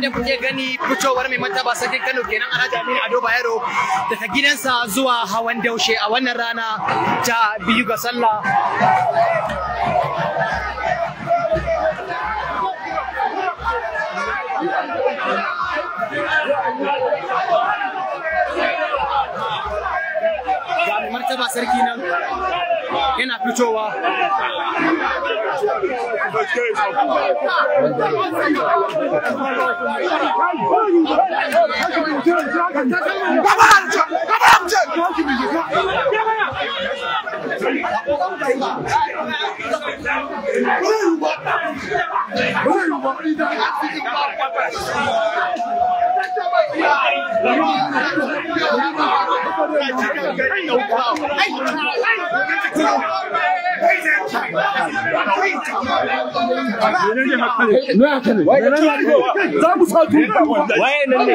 yadda kuke gani fitowar mai mataba sarkin Kano kenan Alhaji Aminu Ado Bayero daga gidansa zuwa hawan daushe a wannan rana ta biyu ga sallah ga martaba sarki nan yana fitowa Hey, no problem. Hey, za mu sa tuta waye nan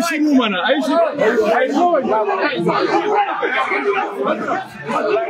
ne mana, ayi shiru. Ayi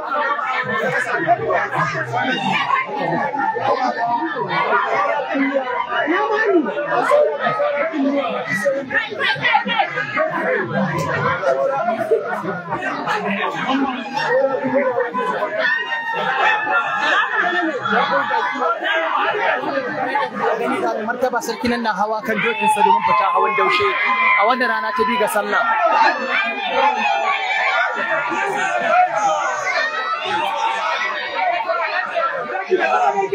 martaba sarki nan na hawa kan dokinsa domin fita hawan daushe a wannan rana ta biyu ga sallah Thank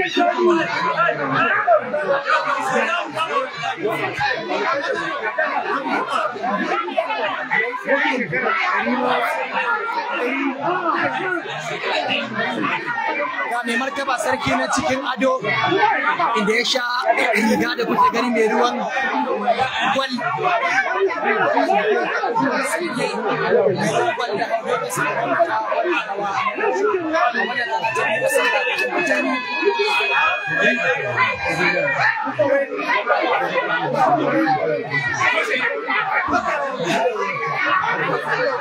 you. wani shekara ga mai martaba sarki na cikin ado inda ya sha riga da kuke gani mai ruwan gwal Thank you. Wutar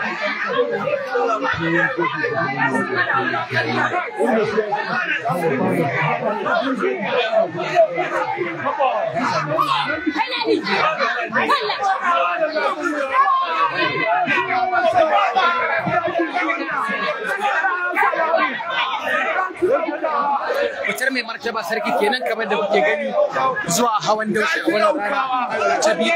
mai martaba sarki kenan kamar da kuke gani zuwa hawan daushe a wani rana ta biyu.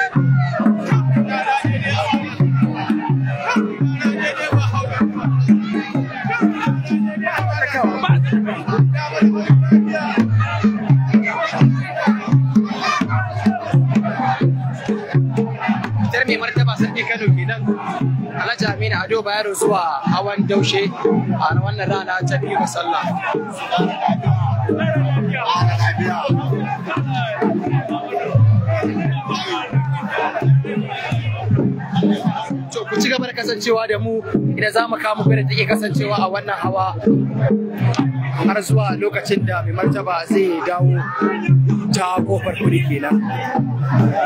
Alhaji Aminu Ado bayaro zuwa hawan daushe a wannan rana ta biyu ga sallah. To ku ci gaba da kasancewa da mu idan za mu kamu da take kasancewa a wannan hawa har zuwa lokacin da mai martaba zai dawo ta kofar kuri kenan.